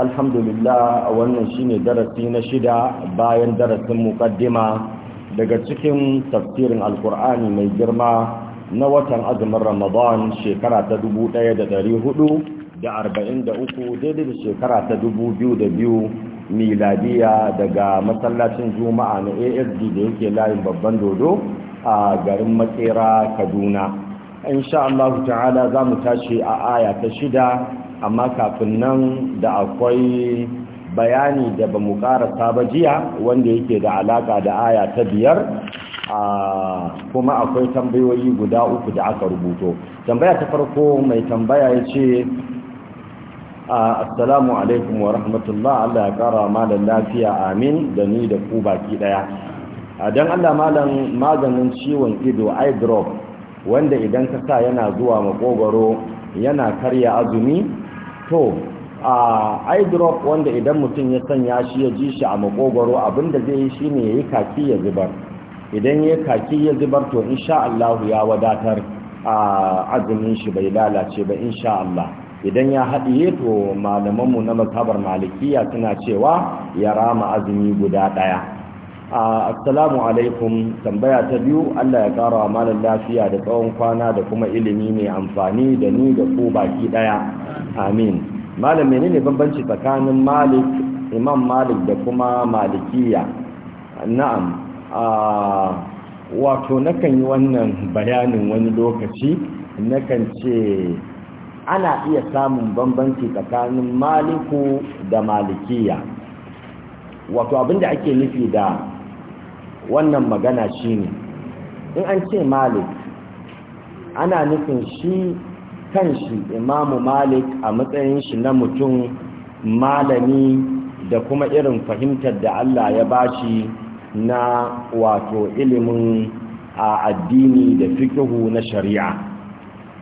alhamdulillah a wannan shine darasi na shida bayan darasin muqaddima daga cikin tafsirin alkur'ani mai girma na watan azumin ramadan shekara ta 1443 daidai da shekara ta 2002 miladiya daga masallacin juma'a na asd da yake layin babban dodo a garin matsera kaduna sha Allah ta'ala za mu tashi a aya ta shida amma kafin nan da akwai bayani da ba mu karasa ba jiya wanda yake da alaka da aya ta biyar kuma akwai tambayoyi guda uku da aka rubuto tambaya ta farko mai tambaya ya ce assalamu alaikum wa rahmatullah Allah ya kara malam lafiya amin da ni da ku baki daya don Allah malam maganin ciwon ido eye drop wanda idan ka sa yana zuwa makogoro yana karya azumi to a eye wanda idan mutum ya sanya shi ya ji shi a makogwaro abinda zai yi shine yi kaki ya zubar idan yayi kaki ya zubar to insha Allah ya wadatar a azumin shi bai lalace ba insha Allah idan ya haɗiye to malamanmu na mazhabar malikiya suna cewa ya rama azumi guda ɗaya assalamu alaikum tambaya ta biyu Allah ya kara malam lafiya da tsawon kwana da kuma ilimi mai amfani da ni da ku baki daya amin malam menene bambanci tsakanin malik imam malik da kuma malikiya na'am a wato nakan yi wannan bayanin wani lokaci nakan ce ana iya samun bambanci tsakanin maliku da malikiya wato abinda ake nufi da wannan magana shi ne. in an ce malik ana nufin shi kan shi imamu malik a matsayin shi na mutum malami da kuma irin fahimtar da Allah ya bashi na wato ilimin a addini da fikihu na shari'a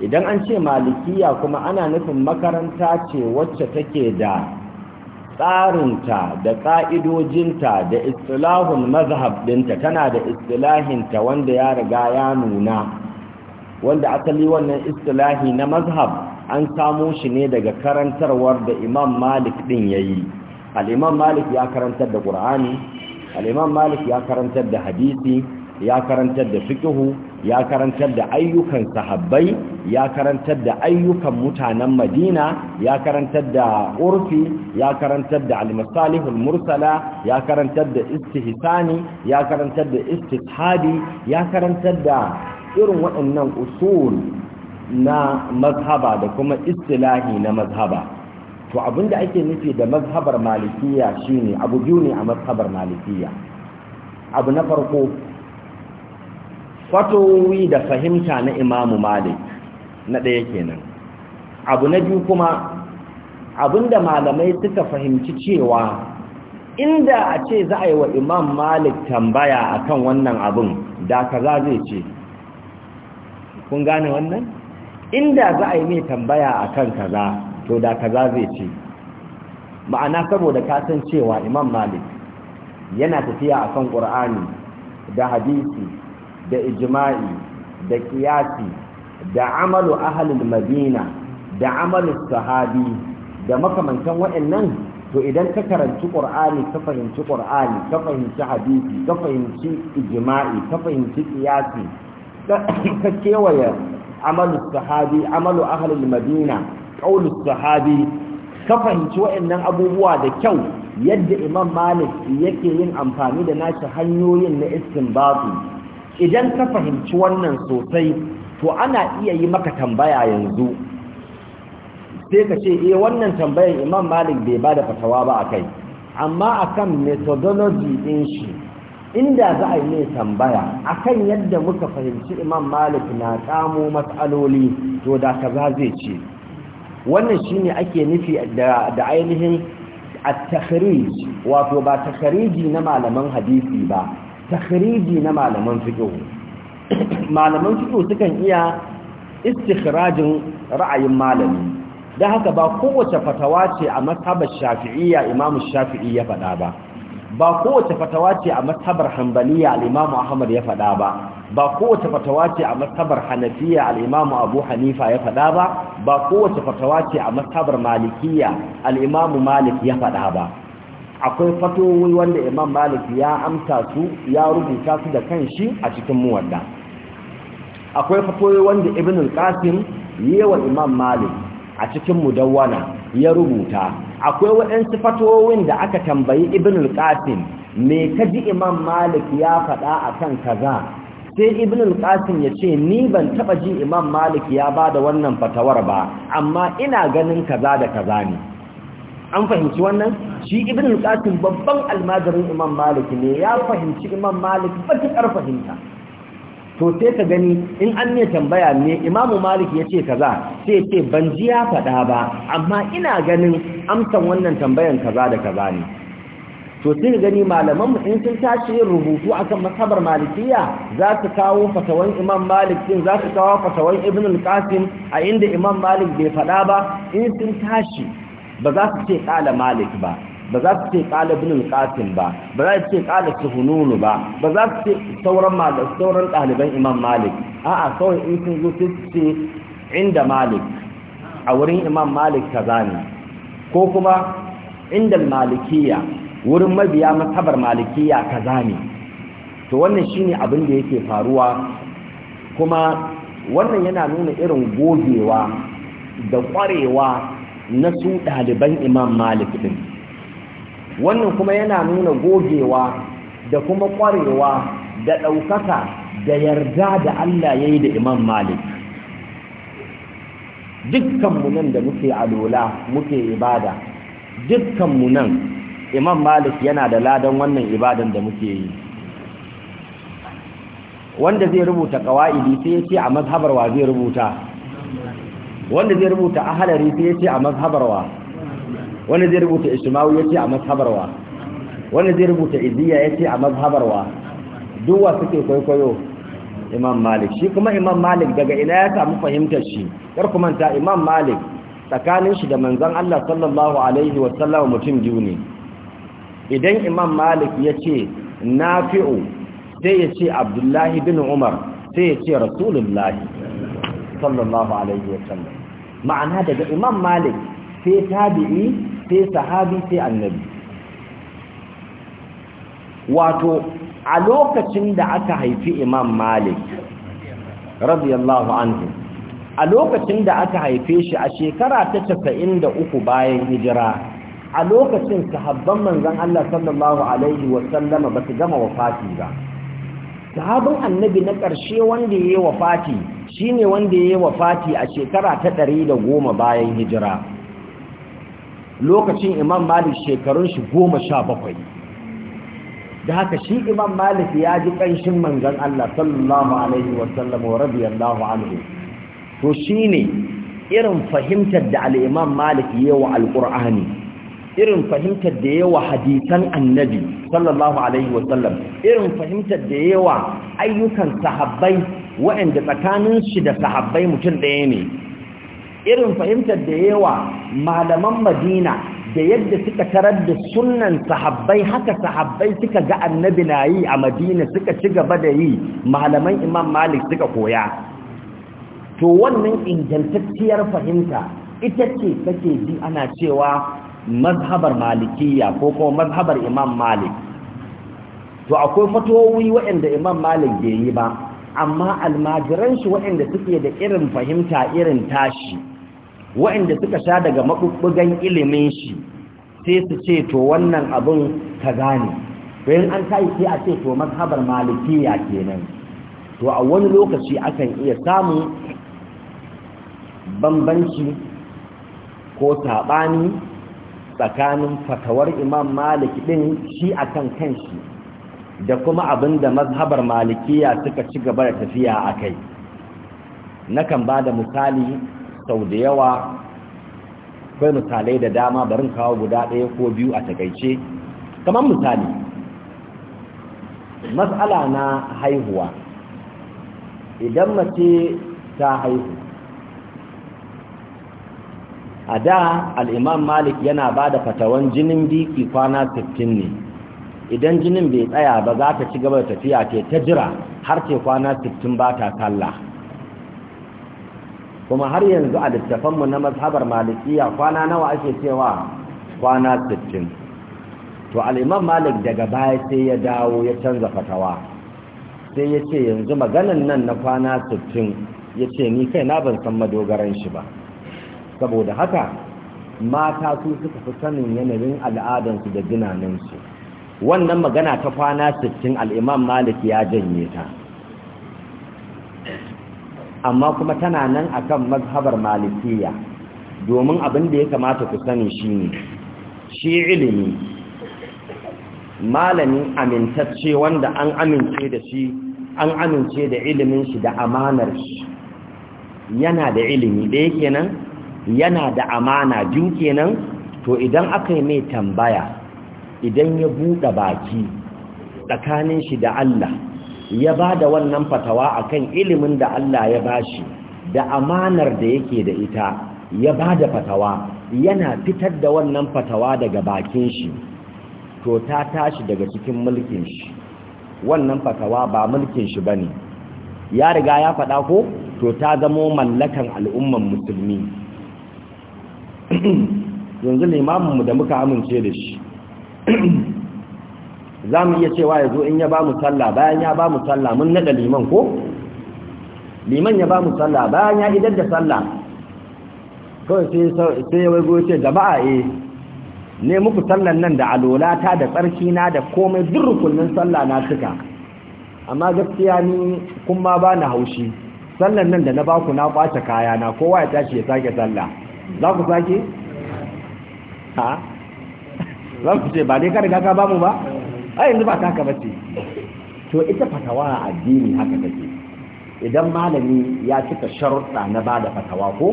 idan an ce malikiya kuma ana nufin makaranta ce wacce take da tsarinta da ƙa'idojinta da istilahun mazhab ɗinta tana da istilahinta wanda ya riga ya nuna wanda asali wannan istilahi na mazhab an samo shi ne daga karantarwar da imam malik ɗin ya yi al'imam malik ya karantar da ƙur'ani al'imam malik ya karantar da hadisi ya karantar da fikihu ya karantar da ayyukan sahabbai ya karantar da ayyukan mutanen madina ya karantar da urfi ya karantar da almasalihul mursala ya karantar da istihsani ya karantar da istihadi ya karantar da irin waɗannan usul na mazhaba da kuma istilahi na mazhaba to abinda ake nufi da mazhabar malikiya shine abu biyu ne a mazhabar malikiya abu na farko fatowi da fahimta na imamu malik na ɗaya kenan abu na biyu kuma abinda malamai suka fahimci cewa inda a ce za a yi wa imam malik tambaya akan wannan abin da kaza zai ce kun gane wannan inda za a yi mai tambaya akan kaza to da kaza zai ce ma'ana saboda kasan cewa imam malik yana tafiya akan ƙur'ani da hadisi da ijma'i da ƙiyasi, da amalu ahlul madina da amalu sahabi da makamantan waɗannan to idan ka karanci ƙur'ani, ka fahimci ƙur'ani, ka fahimci hadisi ka fahimci ijma'i ka fahimci qiyasi ka kewaye amalu sahabi amalu ahlul madina qaulu sahabi ka fahimci waɗannan abubuwa da kyau yadda imam malik yake yin amfani da nashi hanyoyin na istinbatu idan ka fahimci wannan sosai to ana iya yi maka tambaya yanzu sai ka ce eh wannan tambayar imam malik bai bada da fatawa ba a kai amma akan methodology din shi inda za a yi mai tambaya akan yadda muka fahimci imam malik na kamo matsaloli to da kaza zai ce wannan shine ake nufi da ainihin at-takhrij wato ba takhriji na malaman hadisi ba takhriji na malaman fiqh malaman fiqh sukan iya istikhrajin ra'ayin malami dan haka ba kowace fatawa ce a mazhabar shafi'iyya imam shafi'i ya faɗa ba ba kowace fatawa ce a mazhabar hanbaliya al-imam ahmad ya faɗa ba ba kowace fatawa ce a mazhabar hanafiya al-imam abu hanifa ya faɗa ba ba kowace fatawa ce a mazhabar malikiya al-imam malik ya faɗa ba akwai fatowi wanda imam malik ya amsa su ya rubuta su da kanshi a cikin muwadda akwai fatowi wanda ibn al-qasim yewa imam malik a cikin mudawwana ya rubuta akwai waɗansu fatowin da aka tambayi ibn al-qasim me kaji imam malik ya faɗa akan kaza sai ibn al-qasim ya ce ni ban taɓa ji imam malik ya ba da wannan fatawar ba amma ina ganin kaza da kaza ne an fahimci wannan shi ibn al-qasim babban almajirin imam malik ne ya fahimci imam malik batukar fahimta to sai ka gani in an ne tambaya ne imamu malik ya ce kaza sai ce ban ji ya faɗa ba amma ina ganin amsan wannan tambayan kaza da kaza ne to sai gani malaman mu in sun tashi yin rubutu akan masabar malikiyya za su kawo fatawan imam malik din za su kawo fatawan ibn al-qasim a inda imam malik bai faɗa ba in sun tashi ba za su ce ƙala malik ba ba za su ce ƙala binin ƙasin ba ba za su ce ƙala suhununu ba ba za su ce sauran ɗaliban imam malik a'a kawai in sun zo sai su ce inda malik a wurin imam malik kaza ne ko kuma inda malikiya wurin mabiya masabar malikiya kaza ne to wannan shine abin da yake faruwa kuma wannan yana nuna irin gogewa da ƙwarewa na su ɗaliban imam malik ɗin wannan kuma yana nuna gogewa da kuma ƙwarewa da ɗaukaka da yarda da allah ya yi da imam malik dukkanmu nan da muke alola muke ibada dukkanmu nan imam malik yana da ladan wannan ibadan da muke yi wanda zai rubuta ƙawa'idi sai ya ce a mazhabar wa zai rubuta wanda zai rubuta ahalari sai yace a mazhabarwa wanda zai rubuta ishmawi yace a mazhabarwa wanda zai rubuta iziya yace a mazhabarwa duk wa suke kwaikwayo imam malik shi kuma imam malik daga ina ya samu fahimtar shi kar ku manta imam malik tsakanin shi da manzon Allah sallallahu alaihi wa sallam mutum biyu ne idan imam malik yace nafi'u sai yace abdullahi bin umar sai yace rasulullahi sallallahu alaihi wa sallam ma'ana daga imam malik sai tabi'i sai sahabi sai annabi wato a lokacin da aka haifi imam malik radiyallahu anhu a lokacin da aka haife shi a shekara ta uku bayan hijira a lokacin sahabban manzan Allah sallallahu alaihi wasallama ba su gama wafati ba sahabin annabi na ƙarshe wanda ya yi shi shine wanda ya yi Fati a shekara ta ɗari da goma bayan hijira lokacin imam malik shekarun shi goma sha bakwai da haka shi imam malik ya ji ƙanshin manzan Allah sallallahu alaihi wasallam wa anhu to shine irin fahimtar da al-imam malik yi wa al irin fahimtar da yawa hadisan annabi sallallahu alaihi wasallam irin fahimtar da yawa ayyukan sahabbai waɗanda tsakanin shi da sahabbai mutum ɗaya ne irin fahimtar da yawa malaman madina da yadda suka tarar da sunan sahabbai haka sahabbai suka ga annabi na yi a madina suka ci gaba da yi malaman imam malik suka koya to wannan ingantacciyar fahimta ita ce take ji ana cewa mazhabar malikiyya ko kuma mazhabar imam malik to akwai fatowi waɗanda imam malik bai yi ba amma almajiran shi waɗanda suke da irin fahimta irin tashi waɗanda suka sha daga maɓuɓɓugan ilimin shi sai su ce to wannan abin ka gane bayan an tayi sai a ce to mazhabar malikiya kenan to a wani lokaci akan iya samun bambanci ko saɓani tsakanin fatawar imam malik din shi akan kanshi da kuma abin da mazhabar malikiya suka ci gaba da tafiya a kai na kan ba da misali sau da yawa kai misalai da dama barin kawo guda ɗaya ko biyu a takaice kamar misali matsala na haihuwa idan mace ta haihu a da al'imam malik yana ba da fatawan jinin biki kwana 15 ne idan jinin bai tsaya ba za ta ci gaba da tafiya ke ta jira har ce kwana 15 ba ta kalla. kuma har yanzu a littafanmu na mazhabar malikiya kwana nawa ake cewa kwana 15 to al'imam malik daga baya sai ya dawo ya canza fatawa sai ya ce yanzu maganan nan na kwana 60 ya ce ni kai na ban san madogaran shi ba saboda haka mata su suka fi sanin yanayin al'adansu da ginanansu wannan magana ta kwana 60 al'imam malik ya janye ta amma kuma tana nan akan mazhabar malikiya domin abin da ya kamata ku sani shine shi ilimi malamin amintacce wanda an amince da shi an amince da ilimin shi da amanar shi yana da ilimi da yake nan yana da amana biyu kenan to idan aka yi mai tambaya idan ya buɗe baki tsakanin shi da Allah ya ba da wannan fatawa a kan ilimin da Allah ya ba shi, da amanar da yake da ita ya ba da fatawa yana fitar da wannan fatawa daga bakin shi to ta tashi daga cikin mulkin shi wannan fatawa ba mulkin shi bane ya riga ya faɗa ko to ta zamo mallakan al'umman musulmi yanzu limaminmu da muka amince da shi za mu iya cewa ya zo in ya ba mu sallah bayan ya ba mu sallah mun naɗa liman ko? liman ya ba mu sallah bayan ya idar da sallah kawai sai ya waigo ce jama'a e ne muku tallan nan da alolata da tsarki na da komai duk rukunin sallah na cika amma gaskiya ni kuma ba na haushi tallan nan da na baku na kwace kayana, kowa ya tashi ya sake sallah za ku sake ha za ku ce ba dai ka riga ka bamu ba a yanzu ba taka bace to ita fatawa a addini haka take idan malami ya cika sharuɗa na ba da fatawa ko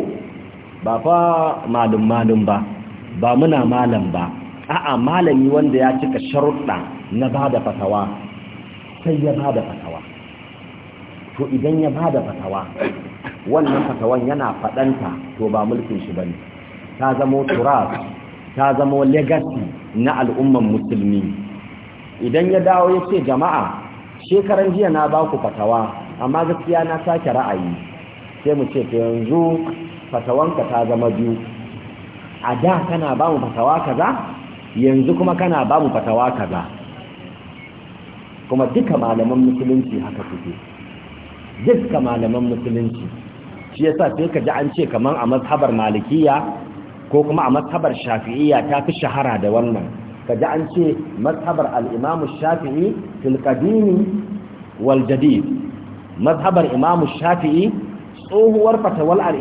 ba fa malum malum ba ba muna malam ba a'a malami wanda ya cika sharuɗa na ba da fatawa sai ya ba da fatawa to idan ya ba da fatawa wannan fatawan yana fadanta to ba mulkin shi bane ta zamo turas ta zamo legacy na al'umman musulmi idan ya dawo ya ce jama'a shekaran jiya na ba ku fatawa amma gaskiya na sake ra'ayi sai mu ce to yanzu fatawanka ta zama biyu a da kana ba mu fatawa kaza yanzu kuma kana ba mu fatawa kaza kuma duka malaman musulunci haka suke dukkan malaman musulunci shi yasa sai ka ji an ce kaman a mazhabar malikiya ko kuma a mazhabar shafi'iyya ta fi shahara da wannan ka ji an ce mazhabar al-imam shafi'i fil qadimi wal jadid mazhabar imam shafi'i tsohuwar fatawar al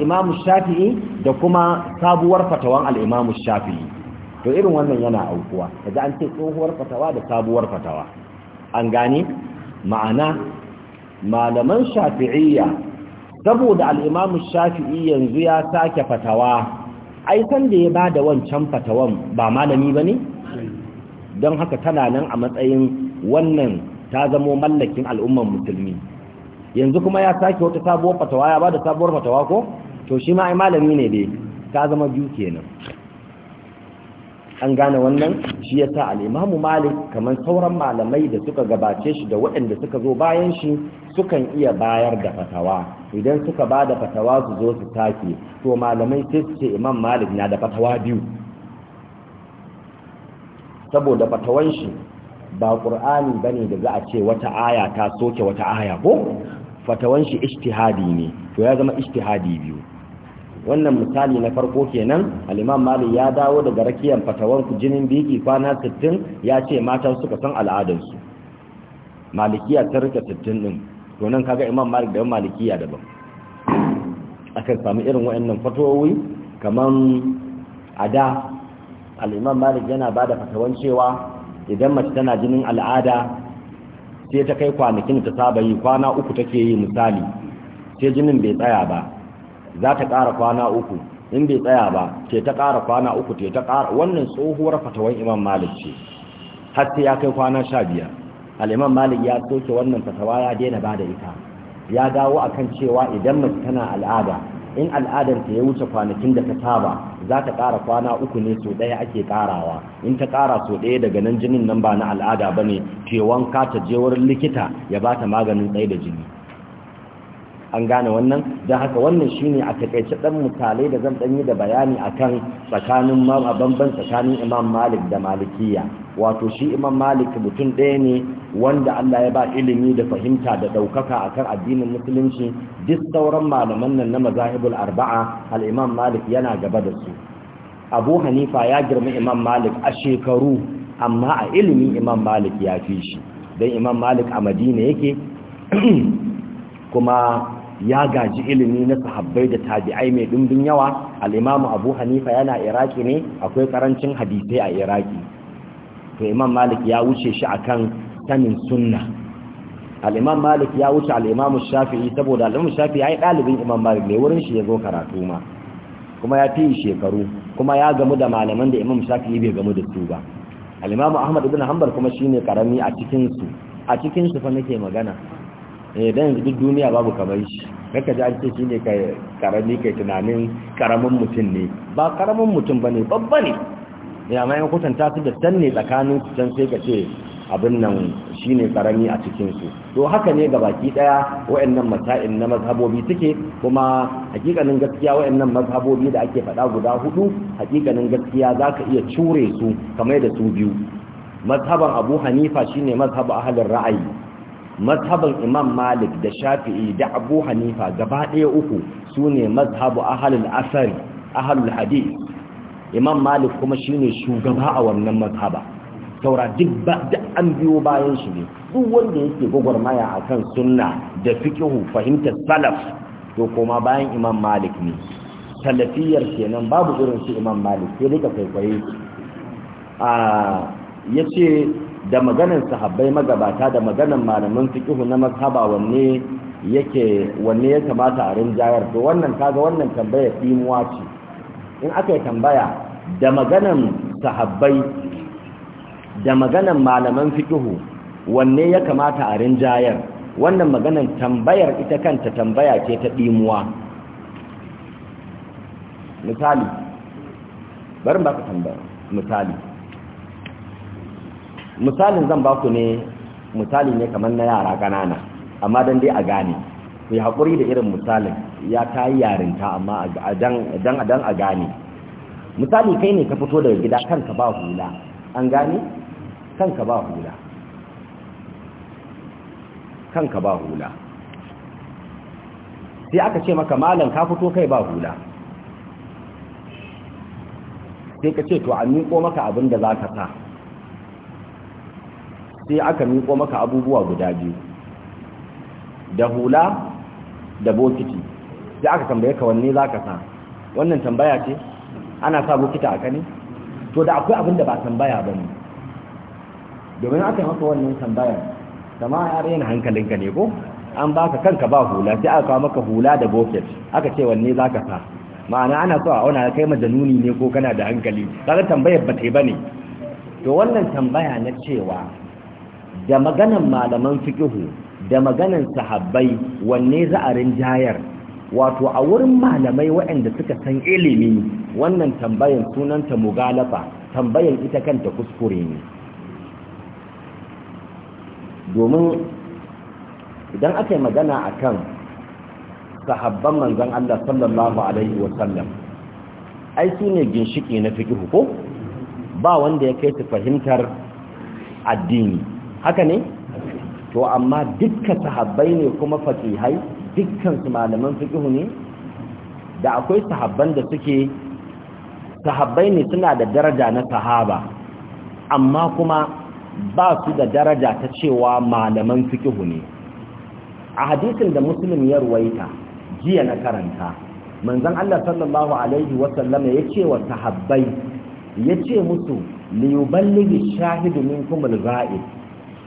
shafi'i da kuma sabuwar fatawan al shafi'i to irin wannan yana aukuwa ka ji an ce tsohuwar fatawa da sabuwar fatawa an gane ma'ana malaman shafi'iyya saboda al'imamu shafi'i yanzu ya sake fatawa ai san da ya ba da wancan fatawan ba malami ba ne don haka tana nan a matsayin wannan ta zamo mallakin al'umman musulmi yanzu kuma ya sake wata sabuwar fatawa ya ba da sabuwar fatawa ko to shi ma ai malami ne dai ta zama biyu kenan an gane wannan shi yasa al-Imam Malik kamar sauran malamai da suka gabace shi da waɗanda suka zo bayan shi sukan iya bayar da fatawa idan suka ba da fatawa su zo su take to malamai sai su ce imam malik na da fatawa biyu saboda fatawan shi ba ƙur'ani ba ne da za a ce wata aya ta soke wata aya ko fatawan shi ishtihadi ne to ya zama ishtihadi biyu wannan misali na farko kenan al'imam malik ya dawo daga rakiyar fatawan ku jinin biki kwana 60 ya ce matan suka san al'adarsu malikiya ta rika 60 din to nan kaga imam malik da malikiya daban akan samu irin wayannan fatawoyi kaman ada al-imam malik yana bada fatawan cewa idan mace tana jinin al'ada sai ta kai kwanakin ta saba yi kwana uku take yi misali sai jinin bai tsaya ba za ta ƙara kwana uku in bai tsaya ba ce ta ƙara kwana uku ce ta ƙara wannan tsohuwar fatawan imam malik ce har sai ya kai kwana sha biyar al'imam malik ya soke wannan fatawa ya daina ba da ita ya dawo a kan cewa idan mace tana al'ada in al'adarta ya wuce kwanakin da ta saba za ta ƙara kwana uku ne so ɗaya ake ƙarawa in ta ƙara so ɗaya daga nan jinin nan ba na al'ada ba ne ke wanka ta je wurin likita ya ba ta maganin tsaye da jini an gane wannan don haka wannan shi ne a takaice ɗan misalai da zan ɗanyi da bayani akan tsakanin bamban tsakanin imam malik da malikiya wato shi imam malik mutum ɗaya ne wanda Allah ya ba ilimi da fahimta da ɗaukaka akan addinin musulunci duk sauran malaman nan na mazahibul arba'a alimam malik yana gaba da su abu hanifa ya girma imam malik a shekaru amma a ilimi imam malik ya fi shi don imam malik a madina yake kuma ya gaji ilimi na sahabbai da tabi'ai mai dundun yawa al abu hanifa yana iraki ne akwai karancin hadisai a iraki to imam malik ya wuce shi akan sanin sunna al-imam malik ya wuce al-imam shafi'i saboda al-imam shafi'i ai dalibin imam malik ne wurin shi ya zo karatu ma kuma ya fi shekaru kuma ya gamu da malaman da imam shafi'i bai gamu da su ba al-imam ahmad ibn hanbal kuma shine karami a cikin su a cikin su fa nake magana eh dan duk duniya babu kamar shi kaka ji an ce shine kai karami kai tunanin karamin mutum ne ba karamin mutum bane babba ne ya mai kwatanta su da sanne tsakanin su can sai ka ce abin nan shine karami a cikin su to haka ne ga baki daya wayannan mata'in na mazhabobi suke kuma hakikanin gaskiya wayannan mazhabobi da ake faɗa guda hudu hakikanin gaskiya ka iya cure su kamar da su biyu mazhaban Abu Hanifa shine mazhabu ahlur ra'ayi mazhaban Imam Malik da Shafi'i da Abu Hanifa gaba ɗaya uku sune mazhabu ahlul asari ahlul hadith imam malik kuma shine shugaba a wannan mazhaba saura duk ba da an biyo bayan shi ne duk wanda yake gwagwarmaya akan sunna da fiqhu fahimtar salaf to kuma bayan imam malik ne salafiyar kenan babu irin su imam malik sai ka kwaikwaye a yace da maganar sahabbai magabata da maganar malaman fiqhu na mazhaba wanne yake wanne ya kamata a rinjayar to wannan kaga wannan tambaya timuwa ce in aka yi tambaya da maganan sahabbai da maganan malaman fikihu wanne ya kamata a rinjayar wannan maganan tambayar ita kanta tambaya ce ta ɗimuwa misali bari ba ka tambaya misali misalin zan ba ku ne misali ne kamar na yara ƙanana amma don dai a gane ku yi haƙuri da irin misalin ya ta yi yarinta amma dan a gane misali kai ne ka fito daga gida kanka ba hula an gane kanka ba hula kanka ba hula sai aka ce maka malam ka fito kai ba hula sai ka ce to a miƙo maka abin da za ka sa sai aka miƙo maka abubuwa guda biyu da hula da bokiti sai aka tambaye ka wanne za ka sa wannan tambaya ce ana sa bokita a kani to da akwai abin da ba tambaya ba ne domin aka yi masa wannan tambaya ma ya raina hankalinka ne ko an baka kanka ba hula sai aka kawo maka hula da bokit aka ce wanne za ka sa ma'ana ana so a auna kai majanuni ne ko kana da hankali kaga tambayar ba ta yi ba ne to wannan tambaya na cewa da maganan malaman fikihu da maganan sahabbai wanne za a rinjayar wato a wurin malamai waɗanda suka san ilimi wannan tambayan sunanta mugalafa tambayan ita kanta kuskure ne domin idan aka yi magana a kan sahabban manzan Allah sallallahu Alaihi wasallam ai su ne ginshiki na fikihu ko ba wanda ya kai su fahimtar addini haka ne to amma dukkan sahabbai ne kuma fasihai dukkansu malaman fiƙihu ne da akwai sahabban da suke sahabbai ne suna da daraja na sahaba amma kuma ba su da daraja ta cewa malaman fiƙihu ne a hadisin da musulun ya ruwaita jiya na karanta manzan Allah sallallahu Alaihi wasallama ya ce wa sahabbai ya ce musu liyuballigi shahidu min kuma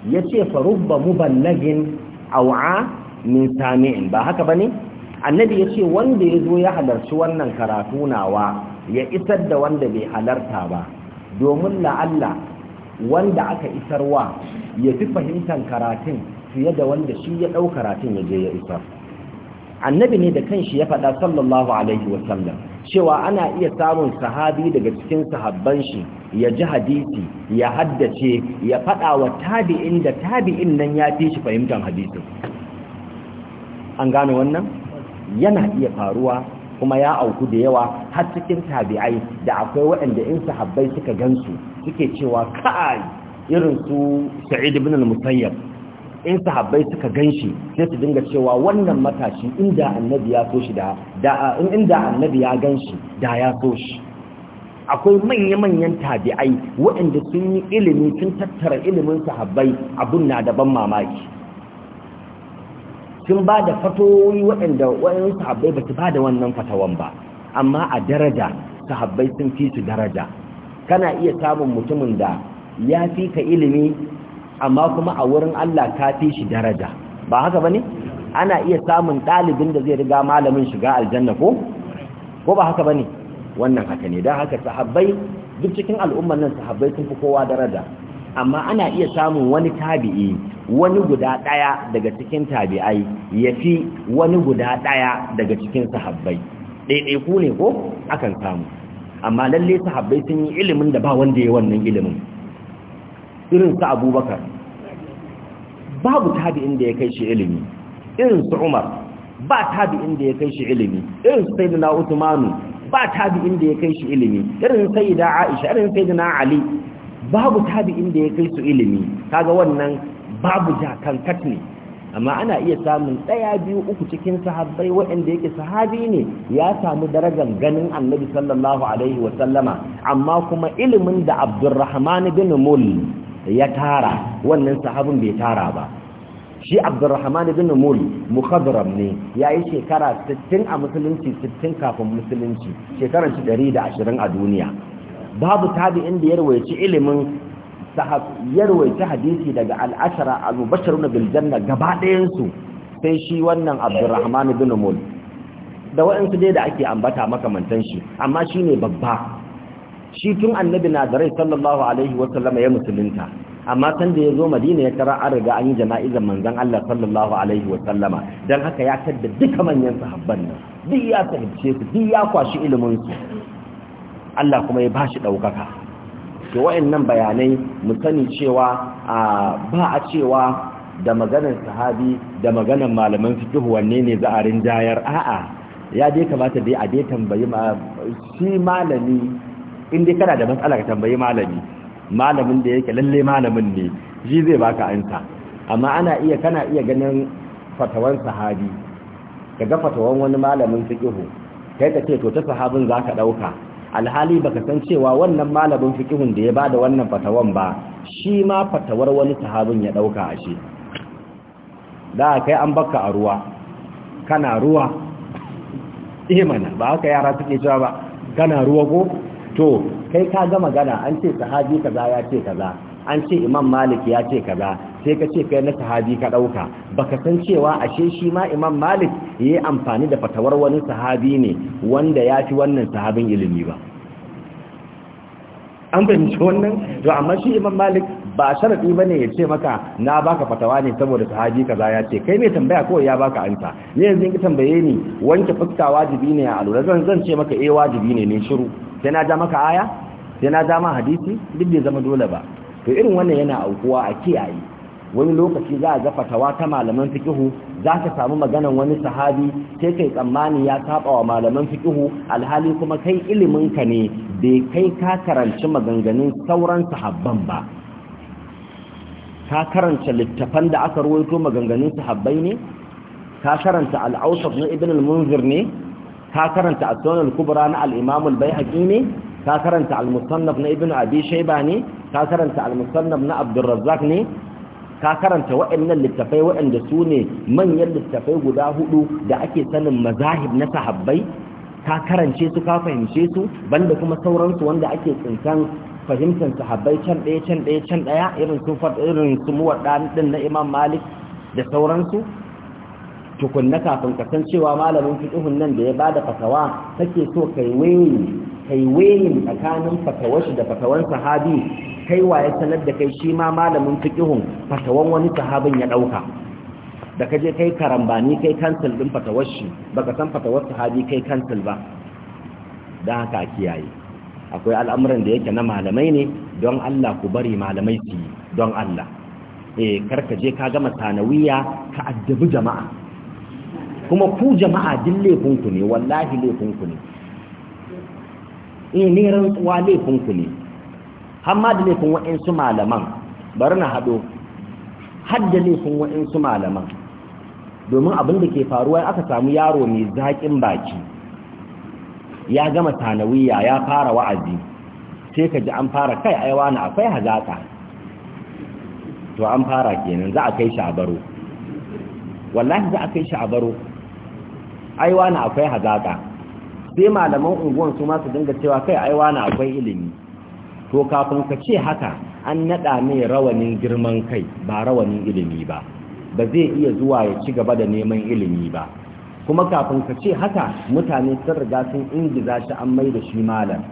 ya ce farubba muballagin au'a min sami'in ba haka bane annabi yace wanda yazo ya halarci wannan karatu nawa ya isar da wanda bai halarta ba domin la'alla wanda aka isarwa ya fi fahimtar karatun fiye da wanda shi ya ɗau karatun ya je ya isar annabi ne da kanshi ya faɗa sallallahu alaihi sallam cewa ana iya samun sahabi daga cikin sahabban shi ya ji hadisi ya haddace ya faɗa wa tabi'in da tabi'in nan ya fi shi fahimtar hadisin an gane wannan yana iya faruwa kuma ya auku da yawa har cikin tabi'ai da akwai waɗanda in sahabbai suka gansu suke cewa kai irin su Sa'id ibn al-Musayyab in sahabbai suka ganshi sai su dinga cewa wannan matashi inda annabi ya so shi da da inda annabi ya ganshi da ya so shi akwai manya-manyan tabi'ai waɗanda sun yi ilimi sun tattara ilimin sahabbai abun na daban mamaki sun ba da fatoyi waɗanda waɗansu sahabbai ba su ba da wannan fatawan ba amma a daraja sahabbai sun fi su daraja kana iya samun mutumin da ya fi ka ilimi amma kuma a wurin Allah ka fi shi daraja ba haka ba ana iya samun ɗalibin da zai riga malamin shiga aljanna ko ko ba haka ba wannan haka ne don haka sahabbai duk cikin al'ummar nan sahabbai sun fi kowa daraja amma ana iya samun wani tabi'i wani guda ɗaya daga cikin tabi'ai ya fi wani guda ɗaya daga cikin sahabbai ku ne ko akan samu amma lalle sahabbai sun yi ilimin da ba wanda ya wannan ilimin irin su abubakar babu tabi'in da ya kai shi ilimi irin su umar ba tabi'in da ya kai shi ilimi irin su sai da ba tabi'in da ya kai shi ilimi irin sayyida aisha irin sayyidina ali babu tabi'in da ya kai su ilimi kaga wannan babu jakankat ne amma ana iya samun tsaya biyu uku cikin sahabbai waɗanda yake sahabi ne ya samu darajar ganin annabi sallallahu alaihi wa sallama amma kuma ilimin da abdurrahman bin mul ya tara wannan sahabin bai tara ba shi abdurrahman bin mul mukhadram ne ya yi shekara 60 a musulunci 60 kafin musulunci shekarar shi 120 a duniya babu tabi'in da ya ilimin ya hadisi daga al'ashara al-mubashirun bil janna gaba ɗayan sai shi wannan Abdurrahman ibn Mul da waɗansu dai da ake ambata makamantan shi amma shi ne babba shi tun annabi nazarai sallallahu alaihi wasallama ya musulunta amma san da ya zo madina ya tara an riga an yi jana'izar manzon Allah sallallahu alaihi wasallama don haka ya tadda duka manyan sahabban nan duk ya fahimce su duk ya kwashi ilimin su Allah kuma ya bashi ɗaukaka to wayannan bayanai mu sani cewa ba a cewa da maganar sahabi da maganar malaman fiqh wanne ne za a rinjayar a'a ya dai kamata dai a dai tambayi ma shi malami in dai kana da matsala ka tambayi malami malamin da yake lalle malamin ne shi zai baka ansa amma ana iya kana iya ganin fatawan sahabi kaga fatawan wani malamin fiqh kai ka ce to ta sahabin zaka dauka alhali baka san cewa wannan malamin fikihun da ya bada wannan fatawan ba shi ma fatawar wani sahabin ya dauka a shi da kai an baka a ruwa kana ruwa imana eh ba haka yara suke cewa ba kana ruwa ko to kai ka ga magana an ce sahabi kaza ya ce kaza an ce imam malik ya ce kaza sai ka ce kai na sahabi ka dauka baka san cewa ashe shi ma imam malik yayi amfani da fatawar wani sahabi ne wanda ya fi wannan sahabin ilimi ba an fahimci wannan to amma shi imam malik ba sharadi bane ya ce maka na baka fatawa ne saboda sahabi kaza ya ce kai ne tambaya kawai ya baka anta ne yanzu in ka tambaye ni wanke fuska wajibi ne a alura zan zan ce maka eh wajibi ne ne shiru sai na ja maka aya sai na ja ma hadisi duk bai zama dole ba to irin wannan yana aukuwa a kiyaye wani lokaci za a ga fatawa ta malaman fikihu za ka samu maganan wani sahabi sai kai tsammani ya saba wa malaman fikihu alhali kuma kai ilimin ne bai kai ka karanci maganganun sauran sahabban ba ka karanta littafan da aka ruwaito maganganun sahabbai ne ka karanta Al-Ausaf na ibn al-munzir ne ka karanta as-sunan al-kubra na al-imam al-baihaqi ne ka karanta al-musannaf na ibn abi shayba ne ka karanta al na abdurrazzak ne ka karanta waɗannan littafai waɗanda su ne manyan littafai guda hudu da ake sanin mazahib na sahabbai ka karance su ka fahimce su banda kuma sauransu wanda ake tsintan fahimtar sahabbai can ɗaya can ɗaya can ɗaya irin su irin su na imam malik da sauransu tukunna kafin kasancewa malamin fituhun nan da ya bada fatawa kake so kai wayoyi kai weyin tsakanin fatawashi da fatawan sahabi kai waye sanar da kai shi ma malamin fiqihun fatawan wani sahabin ya dauka da kaje kai karambani kai kansil din fatawashi baka san fatawar sahabi kai Kansil ba dan haka kiyaye akwai al'amuran da yake na malamai ne don Allah ku bari malamai su yi don Allah eh karka je ka gama tanawiya ka addabi jama'a kuma ku jama'a dille laifinku ne wallahi laifinku ne eh ne rantsuwa laifinku ne hamma da laifin wa'insu malaman bari na haɗo har da laifin wa'insu malaman domin abin da ke faruwa aka samu yaro mai zaƙin baki ya gama tanawiya ya fara wa'azi sai ka ji an fara kai aiwa na akwai hazaƙa to an fara kenan za a kai shi a baro wallahi za a kai shi a baro aiwa na akwai hazaƙa sai malaman unguwan su ma su dinga cewa kai ai wani akwai ilimi to kafin ka ce haka an naɗa mai rawanin girman kai ba rawanin ilimi ba ba zai iya zuwa ya ci gaba da neman ilimi ba kuma kafin ka ce haka mutane sun riga sun ingiza shi an mai da shi malam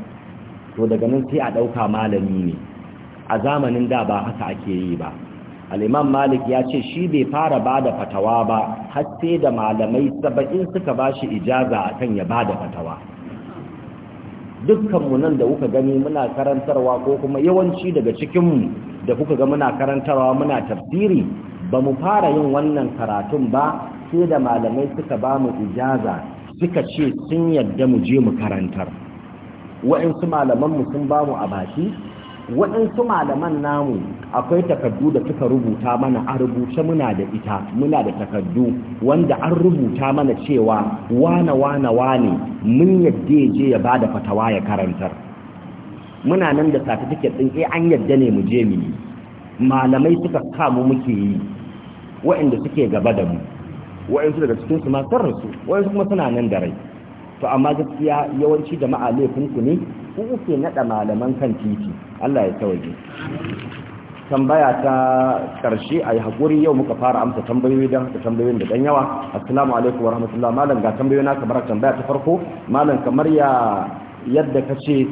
to daga nan sai a ɗauka malami ne a zamanin da ba haka ake yi ba al'imam malik ya ce shi bai fara ba da fatawa ba har sai da malamai saba'in suka ba shi ijaza a kan ya ba da fatawa dukkanmu nan da kuka gani muna karantarwa ko kuma yawanci daga cikinmu da kuka ga muna karantarwa muna tafsiri ba mu fara yin wannan karatun ba sai da malamai suka ba mu ijaza suka ce sun yadda mu je mu karantar wa'insu malamanmu sun ba mu a baki waɗansu malaman namu akwai takardu da suka rubuta mana a rubuce muna da ita muna da takardu wanda an rubuta mana cewa wane wane wane mun yadda ya je ya ba da fatawa ya karantar muna nan da satifiket ɗin eh an yadda ne mu je mu yi malamai suka kamu muke yi waɗanda suke gaba da mu waɗansu daga cikin su ma sun rasu waɗansu kuma suna nan da rai to amma gaskiya yawanci jama'a laifin ku ne ku uke naɗa malaman kan titi Allah ya tawaje tambaya ta karshe a hakuri yau muka fara amsa tambayoyi dan haka tambayoyin da ɗan yawa assalamu alaikum wa malam ga tambayoyi na kamar tambaya ta farko malam kamar ya yadda kace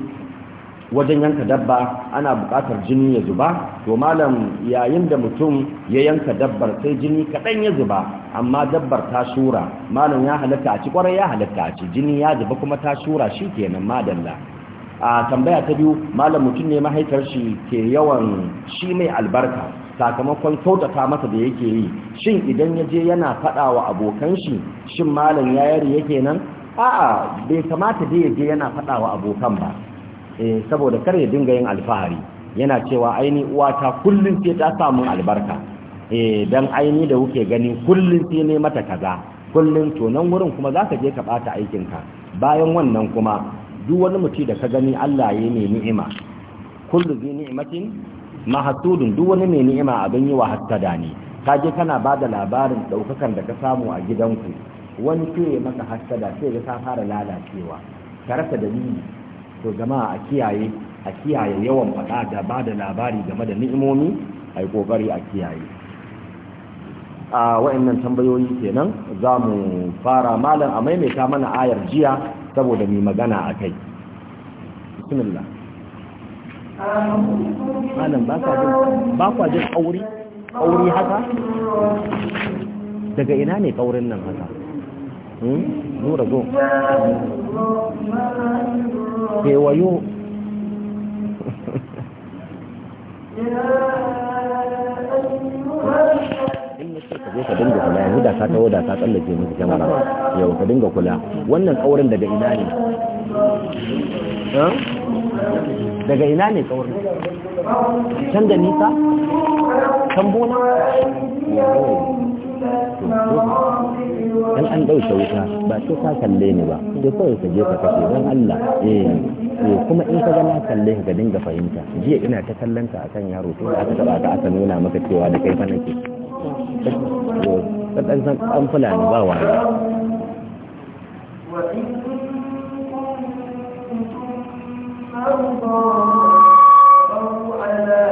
wajen yanka dabba ana buƙatar jini ya zuba to malam yayin da mutum ya yanka dabbar sai jini kadan ya zuba amma dabbar ta shura malam ya halatta a ci ƙwarai ya halatta a ci jini ya zuba kuma ta shura shi kenan madalla a tambaya ta biyu malam mutum ne mahaifar shi ke yawan shi mai albarka sakamakon kyautata masa da yake yi shin idan ya je yana faɗawa wa abokan shi shin malam ya yake nan a'a bai kamata da ya je yana faɗawa wa abokan ba eh saboda kar ya dinga yin alfahari yana cewa aini uwata kullum sai ta samu albarka eh dan aini da kuke gani kullum sai ne mata kaza kullum to nan wurin kuma zaka je ka bata aikin ka bayan wannan kuma duk wani mutum da ka gani Allah ya mai ni'ima kullu bi ni'matin mahatudun duk wani mai ni'ima abin yi wa da ne ka je kana ba da labarin daukakan da ka samu a gidanku wani ke ya maka hassada sai ya ka fara lalacewa ka rasa dalili to jama'a a kiyaye a kiyaye yawan faɗa da ba da labari game da ni'imomi a yi ƙoƙari a kiyaye a wa'annan tambayoyi kenan za mu fara malam a maimaita mana ayar jiya saboda mai magana a kai bismillah malam ba kwa jin ƙauri ƙauri haka daga ina ne ƙaurin nan haka hmm? nura zo kewayo ka je ka dinga kula yanzu da ka tawo da ka tsallake miki kyamara yau ka dinga kula wannan kaurin daga ina ne daga ina ne kaurin can da nisa can bona dan an ɗauke wuta ba ce ka kalle ni ba sai kawai ka je ka kashe don Allah eh kuma in ka ga na kalle ka dinga fahimta jiya ina ta kallon ka akan yaro sai aka taba ka aka nuna maka cewa da kai fa nake ɗan ɗan fulani ba wa أو على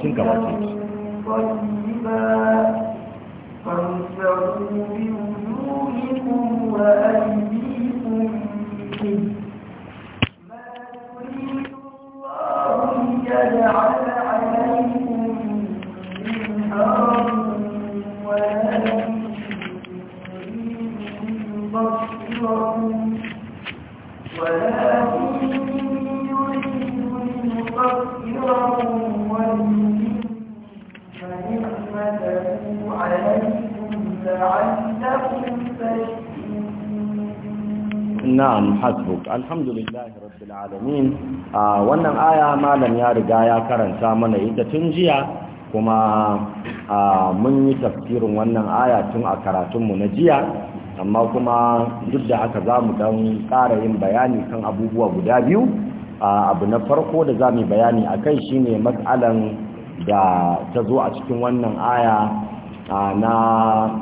mutum gaba ce alhamdulillahi rabbil alamin wannan aya malam ya riga ya karanta mana ita tun jiya kuma mun yi tafsirin wannan aya tun a karatun mu na jiya amma kuma duk da aka zamu mu dan ƙara yin bayani kan abubuwa guda biyu abu na farko da zamu mu bayani a shine matsalan da ta zo a cikin wannan aya na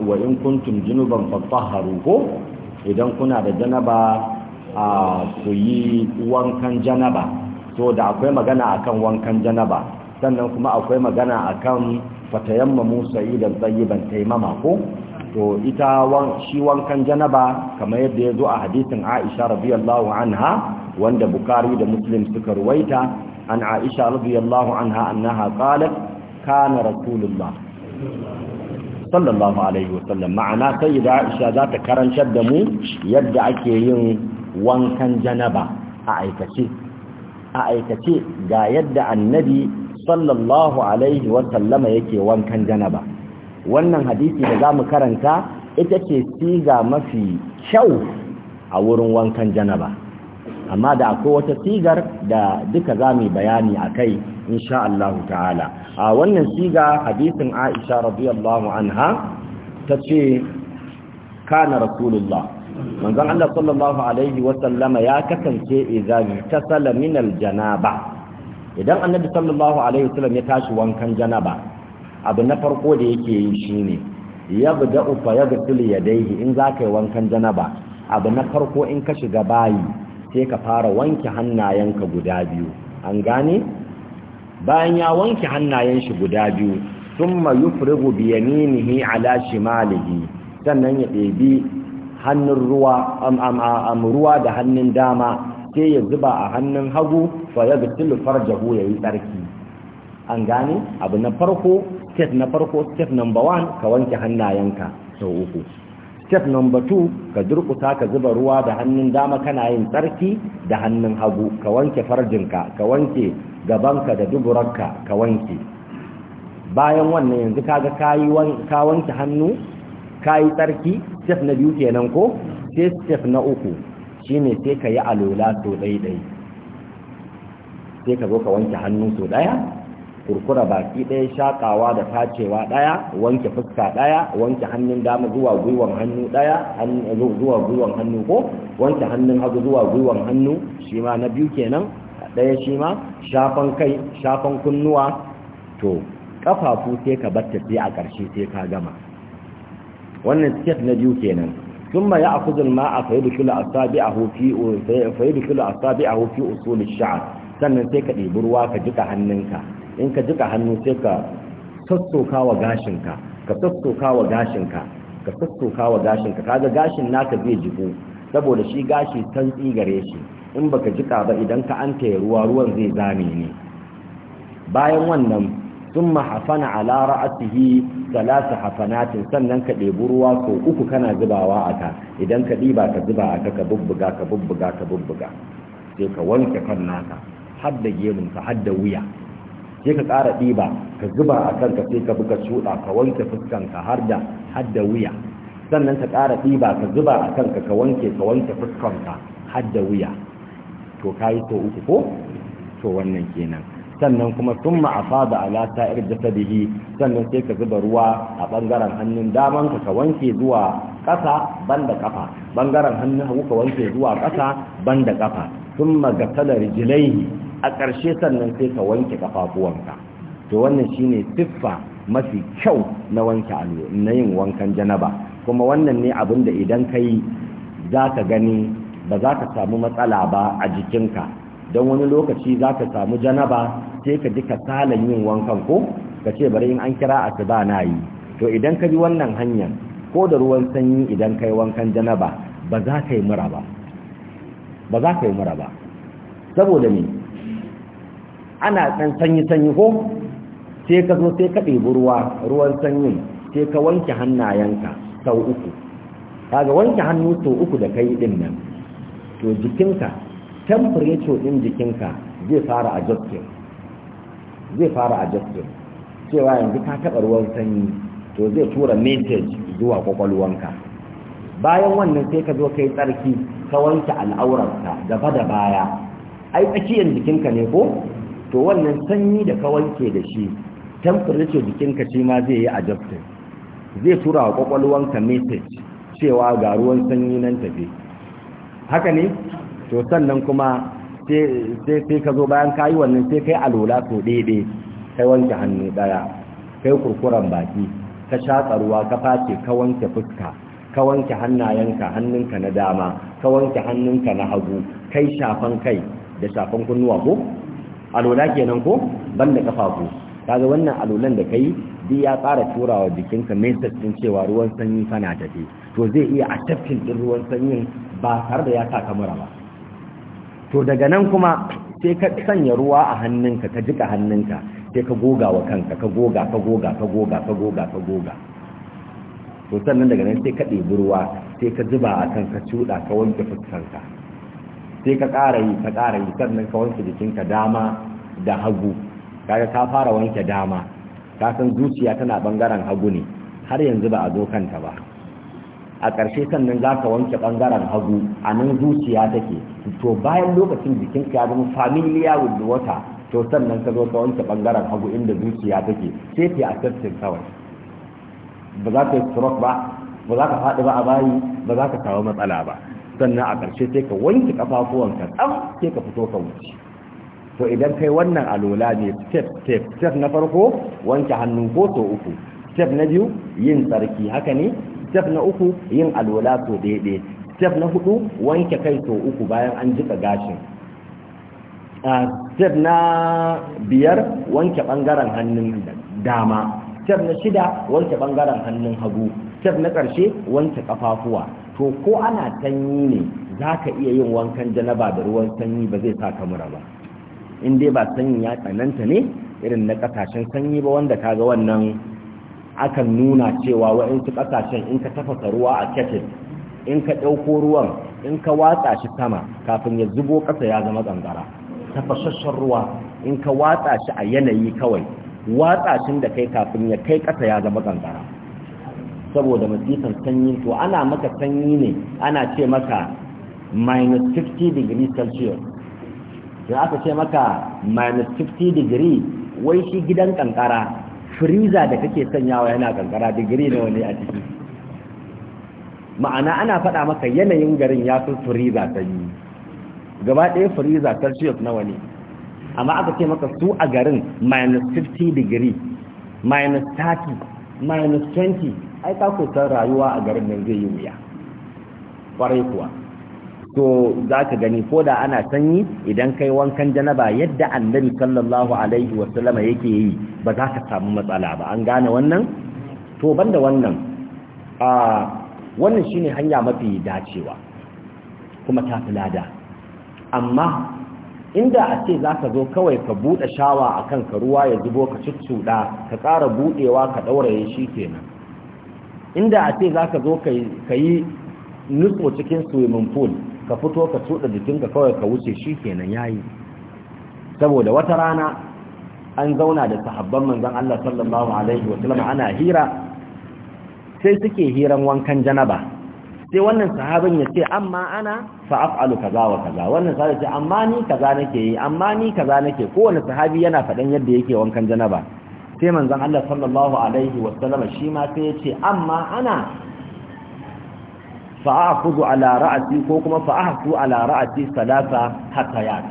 wa kuntum junuban fatahharu ko idan kuna da janaba a ku yi wankan janaba to da akwai magana akan wankan janaba sannan kuma akwai magana akan fatayammamu sa'idan tayyiban taimama ko to ita shi wankan janaba kamar yadda ya zo a hadisin Aisha radiyallahu anha wanda Bukhari da Muslim suka ruwaita an Aisha radiyallahu anha annaha qalat kana rasulullah sallallahu alaihi wasallam ma'ana sayyida Aisha za ta karantar da mu yadda ake yin wankan janaba a aikace a aikace ga yadda annabi sallallahu alaihi wasallama yake wankan janaba wannan hadisi da zamu karanta ita ce siga mafi kyau a wurin wankan janaba amma da akwai wata sigar da duka zamu bayani akai kai insha Allah ta'ala a wannan siga hadisin aisha radiyallahu anha ta ce kana rasulullah manzon Allah sallallahu alaihi wa sallama ya kasance idan tasala min aljanaba idan annabi sallallahu alaihi wa sallam ya tashi wankan janaba abu na farko da yake yi shine yabda fa yaghsilu yadayhi in zaka yi wankan janaba abu na farko in ka shiga bayi sai ka fara wanke hannayenka guda biyu an gane bayan ya wanke hannayen shi guda biyu thumma yufrigu bi yaminihi ala shimalihi sannan ya ɗebi hannun ruwa am ruwa da hannun dama sai ya zuba a hannun hagu fa ya gutulu farjahu yayi tsarki an gane abu na farko step na farko step number 1 ka wanke hannayenka sau uku step number 2 ka durkusa ka zuba ruwa da hannun dama kana yin tsarki da hannun hagu ka wanke farjinka ka wanke gabanka da duburarka ka wanke bayan wannan yanzu kaga kayi ka wanke hannu Kayi tsarki step na biyu kenan ko sai step na uku shine sai ka yi alola to daidai sai ka zo ka wanke hannu to daya kurkura baki daya shakawa da tacewa daya wanke fuska daya wanke hannun dama zuwa gwiwan hannu daya zuwa gwiwan hannu ko wanke hannun hagu zuwa gwiwan hannu shi ma na biyu kenan daya shi ma shafan kai shafan kunnuwa to kafafu sai ka batta sai a ƙarshe sai ka gama wannan tiket na biyu kenan ثم يأخذ الماء فيدخل أصابعه في فيدخل أصابعه في أصول الشعر sannan sai ka dibi ruwa ka jika hannunka in ka jika hannu sai ka sassoka wa gashinka ka sassoka wa gashinka ka sassoka wa gashinka kaga gashin naka zai jigo saboda shi gashi tantsi tsigare shi in baka jika ba idan ka anta ruwa ruwan zai zame ne bayan wannan thumma hafana ala ra'atihi salasa hafanatin sannan ka ɗebi ruwa ko uku kana zubawa aka idan ka ɗiba ka zuba aka ka ka bubbuga ka bubbuga ka bubbuga sai ka wanke kan naka har da gemunka har da wuya sai ka ƙara ɗiba ka zuba a kanka sai ka buga shuɗa ka wanke fuskanka har da har da wuya sannan ka ƙara ɗiba ka zuba a kanka ka wanke ka wanke fuskanka har da wuya to ka yi uku ko to wannan kenan sannan kuma sun ma'afa da ala sa'ir jasadihi sannan sai ka zuba ruwa a bangaren hannun daman ka ka wanke zuwa ƙasa da ƙafa. bangaren hannun hagu ka wanke zuwa ƙasa banda kafa sun magasala rijilaihi a ƙarshe sannan sai ka wanke ka. to wannan shine siffa mafi kyau na wanke na yin wankan janaba kuma wannan ne abin da idan ka yi za ka gani ba za ka samu matsala ba a jikinka don wani lokaci za ka samu janaba sai ka ji kasalan yin wankan ko ka ce bari in an kira ba na yi to idan ka bi wannan hanyar ko da ruwan sanyi idan kai wankan janaba ba za ka yi mura ba ba za ka yi mura ba saboda ne ana ɗan sanyi-sanyi ko sai ka zo sai ka ɗebi ruwa ruwan sanyin sai ka wanke hannayenka sau uku kaga wanke hannu sau uku da kai ɗin nan to jikinka temperature ɗin jikinka zai fara adjusting zai fara adjusting cewa yanzu ka taɓa ruwan sanyi to zai tura message zuwa kwakwalwanka bayan wannan sai ka zo kai tsarki ka wanke al'aurarka gaba da baya ai tsakiyar jikinka ne ko to wannan sanyi da ka wanke da shi temperature jikinka shi ma zai yi adjusting zai tura wa kwakwalwanka message cewa ga ruwan sanyi nan tafi haka ne to sannan kuma sai ka zo bayan kayi wannan sai kai alola to daidai kai wanke hannu daya kai kurkuran baki ka shaka ruwa ka face ka wanke fuska ka wanke hannayenka hannunka na dama ka wanke hannunka na hagu kai shafan kai da shafan kunnuwa ko alola kenan ko banda kafafu kaga wannan alolan da kai bi ya fara turawa jikinka message din cewa ruwan sanyi kana tafi to zai iya a tafkin din ruwan sanyin ba tare da ya sa kamura ba to daga nan kuma sai ka sanya ruwa a hannunka ka jika hannunka sai ka goga wa kanka ka goga ka goga ka goga ka goga ka goga to sannan daga nan sai ka ɗebi ruwa sai ka zuba a kanka cuɗa ka wanke fuskanka sai ka ƙara yi ka ƙara yi sannan ka wanke jikinka dama da hagu kaga ka fara wanke dama ka san zuciya tana bangaren hagu ne har yanzu ba a zo kanta ba a ƙarshe sannan za ka wanke ɓangaren hagu a nan zuciya take to bayan lokacin jikinka ya zama familiya with the water to sannan ka zo ka wanke ɓangaren hagu inda zuciya take sai ka yi assessing kawai ba za ka yi stroke ba ba za ka faɗi ba a bayi ba za ka kawo matsala ba sannan a ƙarshe sai ka wanke ƙafafuwanka tsam sai ka fito ka wuce to idan kai wannan alola ne step step step na farko wanke hannu ko to uku step na biyu yin tsarki haka ne step na uku yin alwala so daidai step na hudu wanke kai so uku bayan an jika gashin step na biyar wanke bangaren hannun dama step na shida wanke bangaren hannun hagu step na ƙarshe wanke kafafuwa to ko ana sanyi ne za ka iya yin wankan janaba da ruwan sanyi ba zai sa ka mura ba in dai ba sanyi ya tsananta ne irin na ƙasashen sanyi ba wanda ka ga wannan akan nuna cewa wa'insu ƙasashen in ka tafasa ruwa a ketil in ka ɗauko ruwan in ka watsa shi sama kafin ya zubo ƙasa ya zama ƙanƙara tafasashen ruwa in ka watsa shi a yanayi kawai watsa shi da kai kafin ya kai ƙasa ya zama ƙanƙara saboda masifan sanyi to ana maka sanyi ne ana ce maka minus 50 degree celsius da aka ce maka minus 50 degree wai shi gidan ƙanƙara freezer da kake sanyawa yana kankara digiri ne wani a ciki ma'ana ana faɗa maka yanayin garin ya fi freezer sanyi gaba ɗaya freezer celsius nawa ne amma aka ce maka su a garin minus 50 degree minus 30 minus 20 ai ka kusan rayuwa a garin nan zai yi wuya kwarai kuwa to za ka gani ko da ana sanyi idan kai wankan janaba yadda annabi sallallahu alaihi wasallama yake yi ba za ka samu matsala ba an gane wannan to banda wannan a wannan shine hanya mafi dacewa kuma ta fi lada amma inda a ce za ka zo kawai ka buɗe shawa a kan ka ruwa ya zubo ka cuccuɗa ka ƙara buɗewa ka ɗauraye shi kenan inda a ce za ka zo ka yi nutso cikin swimming pool ka fito ka tuɗa jikinka kawai ka wuce shi kenan yayi saboda wata rana an zauna da sahabban manzon Allah sallallahu alaihi wasallam ana hira sai suke hiran wankan janaba sai wannan sahabin ya ce amma ana fa af'alu kaza wa kaza wannan sahabi ce amma ni kaza nake yi amma ni kaza nake kowanne sahabi yana faɗan yadda yake wankan janaba sai manzon Allah sallallahu alaihi wasallam shi ma sai ya ce amma ana fa'afudu ala ra'ati ko kuma fa'afu ala ra'ati salasa hatayat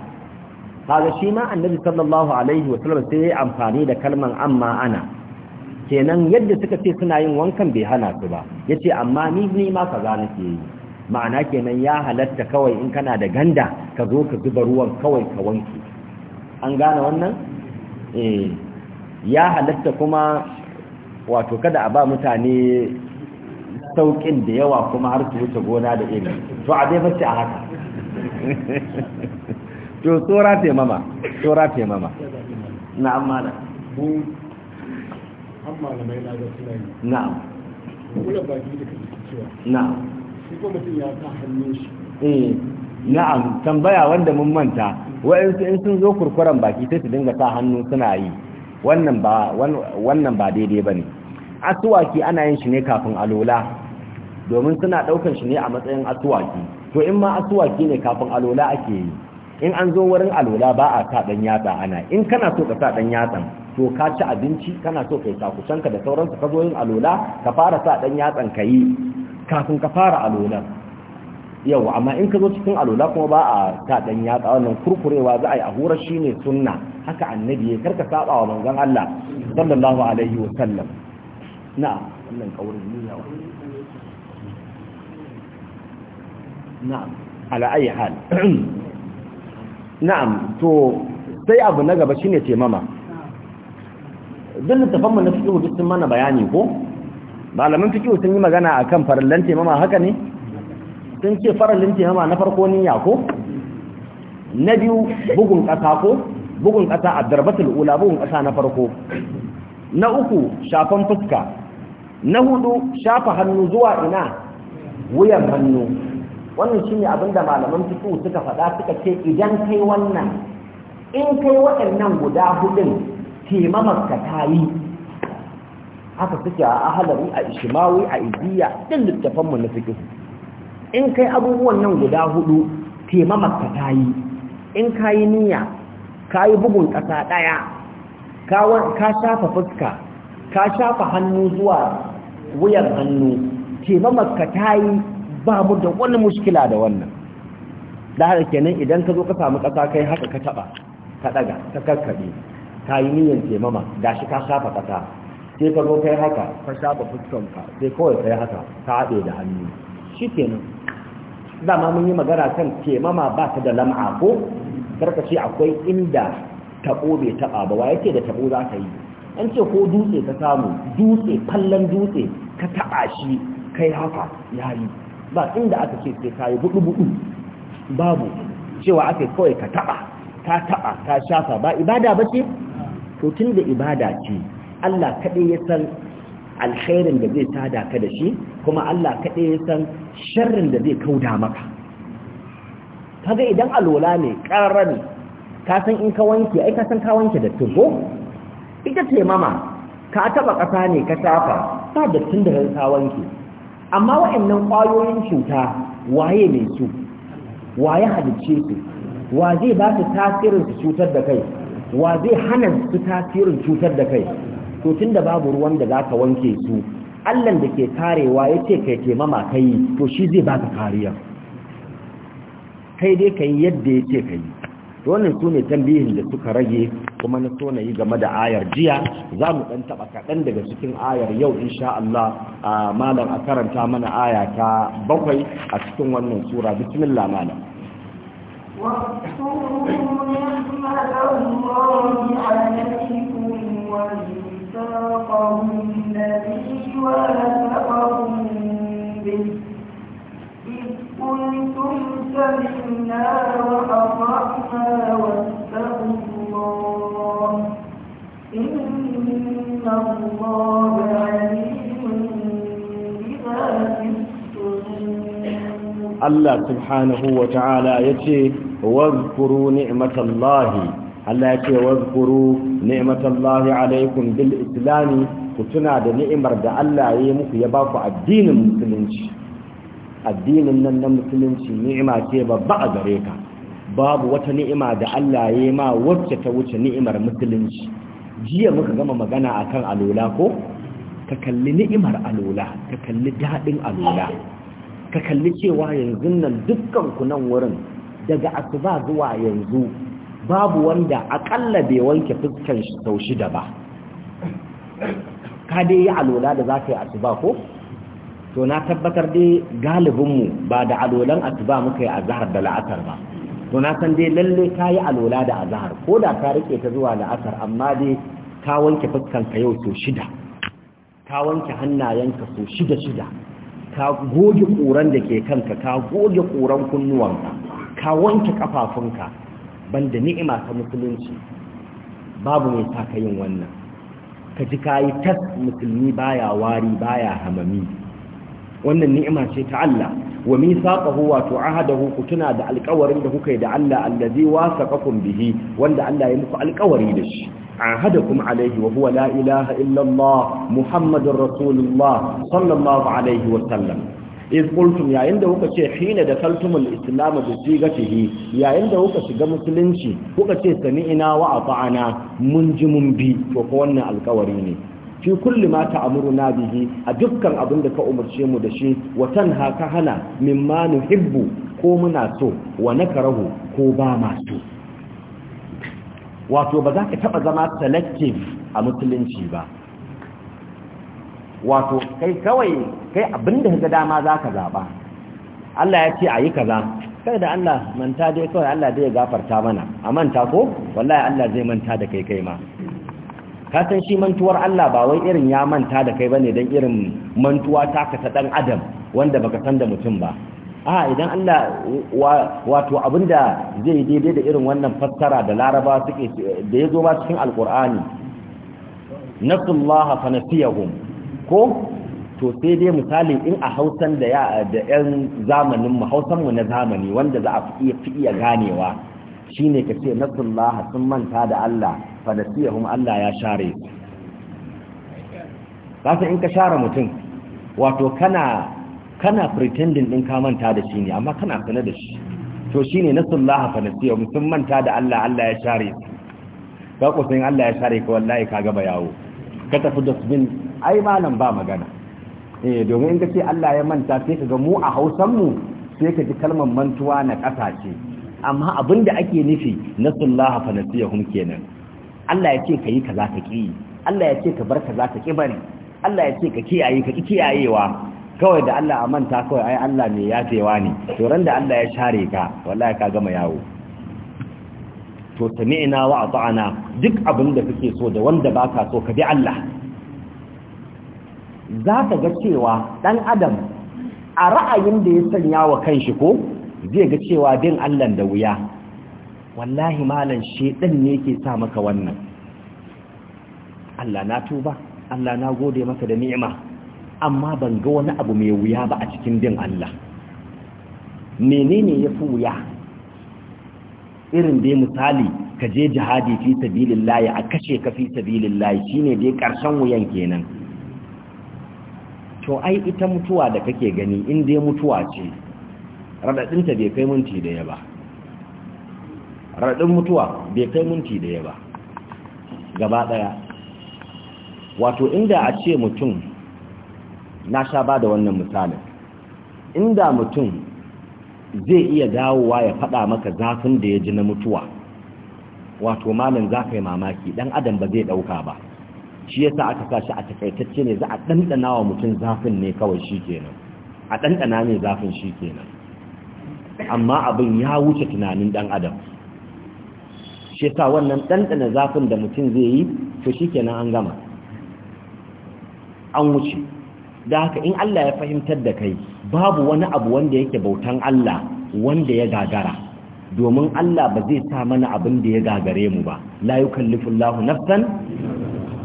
Haga shi ma annabi sallallahu alaihi wa sallam sai ya amfani da kalman amma ana kenan yadda suka ce suna yin wankan bai hana su ba yace amma ni ne ma kaza nake yi ma'ana kenan ya halatta kawai in kana da ganda ka zo ka zuba ruwan kawai ka wanke an gane wannan eh ya halatta kuma wato kada a ba mutane sauƙin da yawa kuma har su wuce gona da iri to a dai bacci a haka to tsora taimama tsora taimama na amma da amma da mai lagar tunani. na'am kula baki da kuma cewa na'am shi ko mutum ya sa hannun shi eh na'am tambaya wanda mun manta wa'ansu in sun zo kurkuren baki sai su dinga sa hannu suna yi wannan ba wannan ba daidai bane asuwaki ana yin shi ne kafin alola domin suna ɗaukan shi ne a matsayin asuwaki to in ma asuwaki ne kafin alola ake yi in an zo wurin alola ba a sa ɗan yatsa ana in kana so ka sa ɗan yatsan to ka ci abinci kana so ka yi ka da sauransu ka zo yin alola ka fara sa ɗan yatsan ka yi kafin ka fara alolan yau amma in ka zo cikin alola kuma ba a ta dan yatsa wannan kurkurewa za a yi a hura shi ne sunna haka annabi ya karka saba wa manzon Allah sallallahu alaihi wa sallam na'am wannan kaurin ne yawa na'am ala ayi hal na'am to sai abu na gaba shine taimama duk littafan mu na fiqh duk sun mana bayani ko malaman fiqh sun yi magana akan farallan taimama haka ne sun ce farallin taimama na farko niyya ko na biyu bugun ƙasa ko bugun ƙasa a darbatul ula bugun ƙasa na farko na uku shafan fuska na hudu shafa hannu zuwa ina wuyan hannu wannan shine abin da malaman fiqh suka faɗa suka ce idan kai wannan in kai waɗannan guda hudun taimamarka ta yi haka suke a ahalari a ishimawi a ijiya ɗin littafanmu na fito in kai abubuwan nan guda hudu taimamarka ta yi in ka yi niyya ka yi bugun ƙasa ɗaya ka shafa fuska ka shafa hannu zuwa wuyan hannu taimamaka ta yi ba da wani mushkila da wannan da kenan idan ka zo ka samu ƙasa kai haka ka taɓa ka ɗaga ka karkaɗe ka yi niyyar taimama da shi ka shafa ƙasa sai ka zo kai haka ka shafa fuskanka sai kawai kai haka ka haɗe da hannu shi kenan dama mun yi magana kan taimama ba ta da lam'a ko karkace akwai inda taɓo bai taɓa ba wa yake da taɓo za ka yi an ce ko dutse ka samu dutse fallon dutse ka taɓa shi kai haka yayi ba inda aka ce sai kayi buɗu-buɗu, babu cewa aka kawai ka taɓa ka taɓa ka shafa ba ibada ba ce to tun da ibada ce Allah kaɗai ya san alkhairin da zai tada ka da shi kuma Allah kaɗai ya san sharrin da zai kauda maka kaga idan alwala ne ƙarara ne ka san in ka wanke ai ka san ka wanke da tubo ita ce mama ka taba ƙasa ne ka shafa ba da tun da wanke amma waɗannan kwayoyin cuta waye mai su waye halicce su wa zai ba su tasirin su cutar da kai wa zai hana su tasirin cutar da kai to tun da babu ruwan da za ka wanke su allan da ke karewa ya ce kai taimama ka yi to shi zai ba ka kariya kai dai ka yi yadda ya ce ka yi wannan su ne tambihin da suka rage kuma na so na yi game da ayar jiya za mu ɗan taɓa kaɗan daga cikin ayar yau insha Allah a malam a karanta mana aya ta bakwai a cikin wannan sura bismillah malam قلتم سمعنا وأطعنا واتقوا إن الله عليم بذات الصدور الله سبحانه وتعالى يتي واذكروا نعمة الله Allah ya ce wazkuru ni'matallahi alaikum bil islami ku tuna da ni'imar da Allah ya yi muku ya ba ku addinin musulunci addinin nan na musulunci ni'ima ce babba a gare ka babu wata ni'ima da Allah ya yi ma wacce ta wuce ni'imar musulunci jiya muka gama magana a kan alola ko ka kalli ni'imar alola ka kalli daɗin alola ka kalli cewa yanzu nan dukkan ku nan wurin daga asuba zuwa yanzu babu wanda akalla bai wanke fuskan sau shida ba ka dai yi alola da za ka yi asuba ko to na tabbatar dai galibinmu ba da alolan asuba muka yi a zahar da la'asar ba to na san dai lalle ka yi alola da azahar ko da ka rike ta zuwa la'asar amma dai ka wanke fuskanka yau so shida ka wanke hannayenka so shida shida ka goge ƙuran da ke kanka ka goge ƙuran kunnuwanka ka wanke kafafunka banda ni'ima ta musulunci babu mai sa ka yin wannan ka ji ka yi tas musulmi baya wari baya hamami wannan ni'ima ce ta Allah wa mithaqahu wa tu'ahadahu kutuna da alƙawarin da kuka yi da Allah allazi wasaqakum bihi wanda Allah ya muku alƙawari da shi ahadakum alayhi wa huwa la ilaha illa Allah muhammadur rasulullah sallallahu alayhi wa sallam iz qultum ya inda kuka ce hina da kaltumul islam bi sigatihi ya inda kuka shiga musulunci kuka ce sami'ina wa ata'ana mun ji mun bi to ko wannan alƙawari ne fi kulli ma ta'muruna bihi a dukkan abin da ka umarce mu da shi wa tanha ka hana mimma nuhibbu ko muna so wa nakarahu ko ba ma so wato ba za ka taba zama selective a musulunci ba wato kai kawai kai abin da ga dama za ka zaba Allah ya ce a yi kaza kai da Allah manta dai kawai Allah dai ya gafarta mana a manta ko wallahi Allah zai manta da kai kai ma ka san shi mantuwar Allah ba wai irin ya manta da kai bane dan irin mantuwa ka ta dan adam wanda baka san da mutum ba a idan Allah wato abinda zai daidai da irin wannan fassara da Laraba suke da yazo ba cikin alqur'ani nasullaha fa nasiyahum ko to sai dai misali in a hausan da ya da yan zamanin mu hausan mu na zamani wanda za a fi iya ganewa shine kace nasullaha sun manta da Allah fanasiyahum Allah ya share kasa in ka share mutum wato kana kana pretending din ka manta da shi ne amma kana sanar da shi to shine nasullah fanasiyahum sun manta da Allah Allah ya share ka ku san Allah ya share ka wallahi ka gaba yawo ka tafi dustbin ai malam ba magana eh domin in ka ce Allah ya manta sai ka ga mu a Hausan mu sai ka ji kalmar mantuwa na ƙasa ce amma abinda ake nufi na sullaha fanasiyahum kenan Allah ya ce ka yi ka za ka ƙi, Allah ya ce ka bar za ka ba ne, Allah ya ce ka kiyaye ka ƙi kiyayewa kawai da Allah a manta kawai ai Allah ya yafewa ne to ran da Allah ya share ka wallahi ka gama yawo to sami'na wa ata'na duk abin da kake so da wanda baka so ka bi Allah za ka ga cewa dan adam a ra'ayin da ya sanya wa kanshi ko zai ga cewa bin Allah da wuya wallahi malam shedan ne yake sa maka wannan Allah na tuba Allah na gode maka da ni'ima amma ban ga wani abu mai wuya ba a cikin din Allah menene ya fi wuya irin dai misali ka je jihadi fi sabilillahi a kashe ka fi sabilillahi shine dai karshen wuyan kenan to ai ita mutuwa da kake gani in dai mutuwa ce ta bai kai minti da ya ba raɗin mutuwa bai kai minti daya ba gaba ɗaya. wato inda a ce mutum na sha ba da wannan misalin inda mutum zai iya dawowa ya faɗa maka zafin da ya ji na mutuwa wato malam za ka yi mamaki ɗan adam ba zai ɗauka ba shi yasa aka sa shi a takaitacce ne za a ɗanɗana wa mutum zafin ne kawai shi kenan a ɗanɗana ne zafin shi kenan amma abin ya wuce tunanin ɗan adam shi wannan ɗanɗana zafin da mutum zai yi to kenan an gama an wuce da haka in Allah ya fahimtar da kai babu wani abu wanda yake bautan Allah wanda ya gagara domin Allah ba zai sa mana abin da ya gagare mu ba la Fulahu nafsan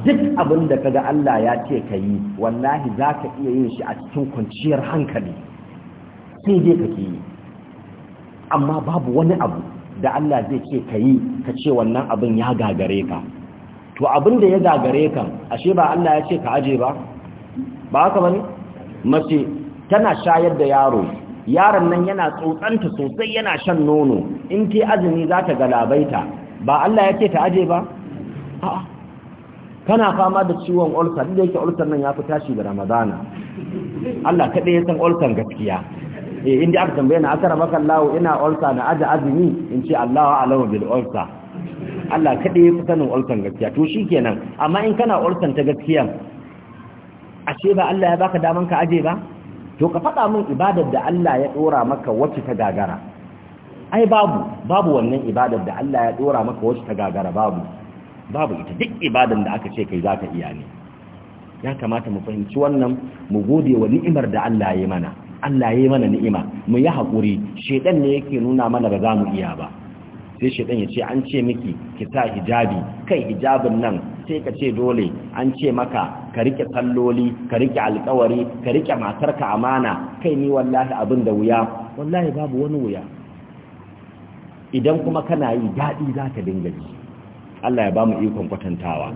duk abin da kaga Allah ya ce ka yi wallahi za ka iya yin shi a cikin kwanciyar hankali sai dai kake yi amma babu wani abu da Allah zai ce ka yi ka ce wannan abin ya gagare ka to abin da ya gagare ka ashe ba Allah ya ce ka aje ba ba haka bane mace tana shayar da yaro yaron nan yana tsotsanta sosai yana shan nono in ta azumi za ta galabaita ba Allah ya ce ta aje ba a'a kana fama da ciwon ulcer da yake ulcer nan ya fi tashi da Ramadana Allah kaɗai ya san ulcer gaskiya eh inda aka tambaye na akara maka Allah ina ulsa na aja azumi in ce Allah alama bil ulsa Allah ya fi sanin ulsan gaskiya to shi kenan, amma in kana ulsan ta gaskiya ashe ba Allah ya baka daman ka aje ba to ka faɗa min ibadar da Allah ya dora maka wacce ta gagara ai babu babu wannan ibadar da Allah ya ɗora maka wacce ta gagara babu babu ita duk ibadar da aka ce kai zaka iya ne ya kamata mu fahimci wannan mu gode wa ni'imar da Allah ya yi mana Allah ya yi mana ni'ima mu yi haƙuri shedan ne yake nuna mana ba za mu iya ba sai shedan ya ce an ce miki ki sa hijabi kai hijabin nan sai ka ce dole an ce maka ka rike salloli ka rike alƙawari ka rike matarka amana kai ni wallahi abin da wuya wallahi babu wani wuya idan kuma kana yi daɗi za ka dinga ji Allah ya ba mu ikon kwatantawa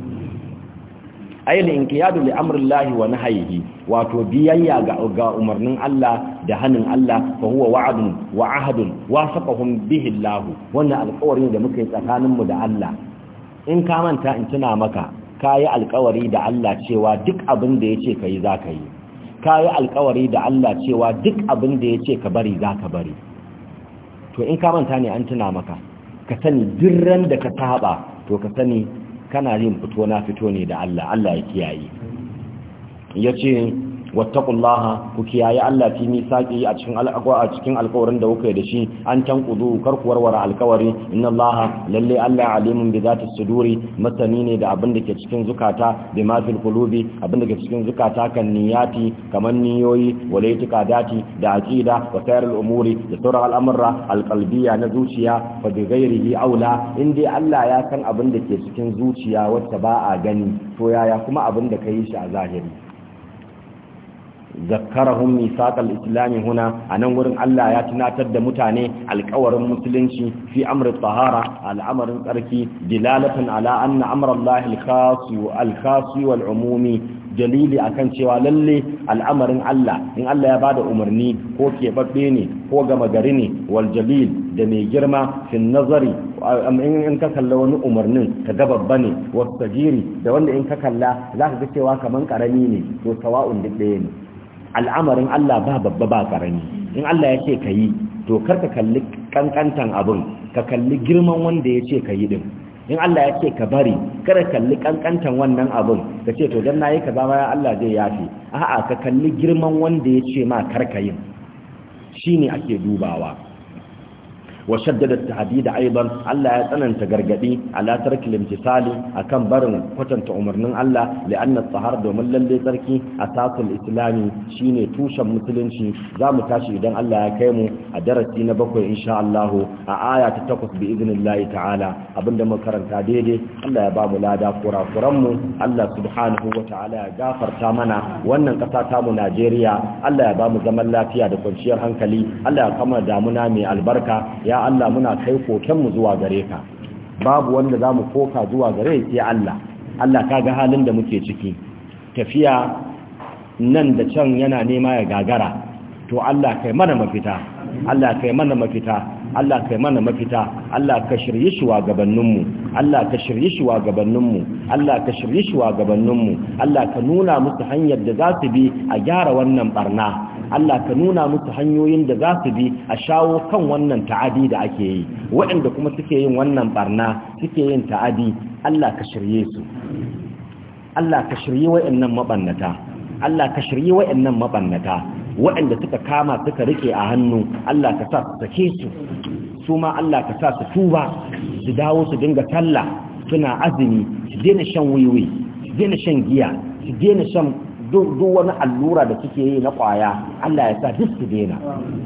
ayyul inqiyadu li amrillahi wa nahyihi wato biyayya ga ga umarnin Allah da hanin Allah fa huwa wa'adun wa ahadun wasaqahum bihi Allah wannan alƙawarin da muka yi tsakaninmu da Allah in ka manta in tuna maka kayi alƙawari da Allah cewa duk abin da yace kai za ka yi kayi alƙawari da Allah cewa duk abin da yace ka bari za ka bari to in ka manta ne an tuna maka ka sani duk ran da ka saba to ka sani kana yin fito na fito ne da Allah Allah ya kiyaye yace wattaqullaha ku kiyaye Allah fi misaqi a cikin al'aqwa a cikin alƙawarin da kuka yi da shi an tanqudu kar ku warware alƙawari inna Allah lalle Allah alimun bi zati suduri masani ne da abin da ke cikin zukata bi ma qulubi abin da ke cikin zukata kan niyati kaman niyoyi walaitika dati da aqida wa sairul umuri da sauran al'amura alqalbiya na zuciya fa bi ghairihi aula indai Allah ya san abin da ke cikin zuciya wacce ba a gani to yaya kuma abin da ka yi shi a zahiri zakkarahum misaqal islami huna anan wurin Allah ya tunatar da mutane alƙawarin musulunci fi amri tahara al'amarin tsarki dilalatan ala anna amra Allah al umumi dalili akan cewa lalle al'amarin Allah in Allah ya bada umarni ko keɓaɓɓe ne ko gama gari ne wal jalil da mai girma fin nazari in ka kalla wani umarnin ka ga babba ne wasu da wanda in ka kalla za ka ga cewa kaman karami ne to sawa'un duk ɗaya ne al'amarin Allah ba babba ba karami in Allah ya ce ka yi to kar ka kalli ƙanƙantan abin ka kalli girman wanda ya ce ka yi din in Allah ya ce ka bari kada kalli kankantan wannan abin ka ce to dan nayi kaza ya Allah zai yafi a'a ka kalli girman wanda ya ce ma kar ka shi shine ake dubawa wa shaddada tahdid aidan Allah ya tsananta a gargadi ala tarkil a kan barin kwatanta umarnin Allah li'anna tsahar domin lalle tsarki a asasul islami shine tushen musulunci zamu tashi idan Allah ya kai mu a darasi na bakwai insha Allah a aya ta takwas bi idnillahi ta'ala abinda muka karanta daidai Allah ya bamu mu lada kurakuran mu Allah subhanahu wa ta'ala ya gafarta mana wannan kasa ta mu Najeriya Allah ya bamu zaman lafiya da kwanciyar hankali Allah ya kama damuna mai albarka ya ya Allah muna kai kokenmu zuwa gare ka babu wanda za mu koka zuwa gare sai Allah Allah ka ga halin da muke ciki tafiya nan da can yana nema ya gagara to Allah kai mana mafita Allah kai mana mafita Allah kai mana mafita Allah ka shirye shi wa gabaninmu Allah ka shirye shi wa gabaninmu Allah ka shirye shi wa gabaninmu Allah ka nuna musu hanyar da za su bi a gyara wannan barna Allah ka nuna musu hanyoyin da za su bi a shawo kan wannan ta'adi da ake yi waɗanda kuma suke yin wannan barna suke yin ta'adi Allah ka shirye su Allah ka shirye waɗannan mabannata Allah ka shirye waɗannan mabannata waɗanda suka kama suka rike a hannu Allah ka sa su sake su su ma Allah ka sa su tuba su dawo su dinga sallah suna azumi su daina shan wiwi su daina shan giya su daina shan duk wani allura da suke yi na kwaya Allah ya sa duk su daina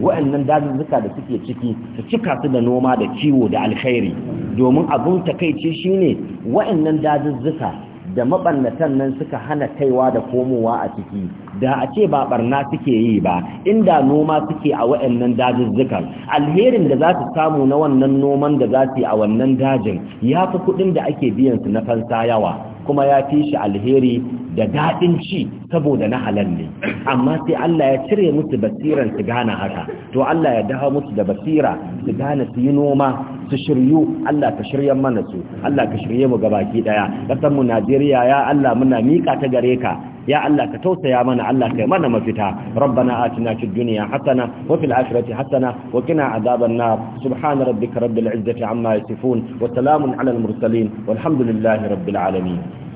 wa'annan dazuzzuka da suke ciki su cika su da noma da kiwo da alkhairi domin abun takaici shine wa'annan dazuzzuka da mabannatan nan suka hana kaiwa da komowa a ciki da a ce ba barna suke yi ba inda noma suke a wa'annan dazuzzukan alherin da za su samu na wannan noman da za su yi a wannan dajin ya fi kuɗin da ake biyan su na fansa yawa kuma ya fi shi alheri da daɗin ci saboda na halal ne amma sai Allah ya cire musu basiran su gane haka to Allah ya dawo musu da basira su gane su yi noma su shiryu Allah ka shirye mana su Allah ka shirye mu gabaki daya kasar mu Najeriya ya Allah muna mika ta gare ka ya Allah ka tausaya mana Allah kai mana mafita rabbana atina fid dunya hasana wa fil akhirati hasana wa qina adhaban nar subhana rabbika rabbil izzati amma yasifun wa salamun alal mursalin walhamdulillahi rabbil alamin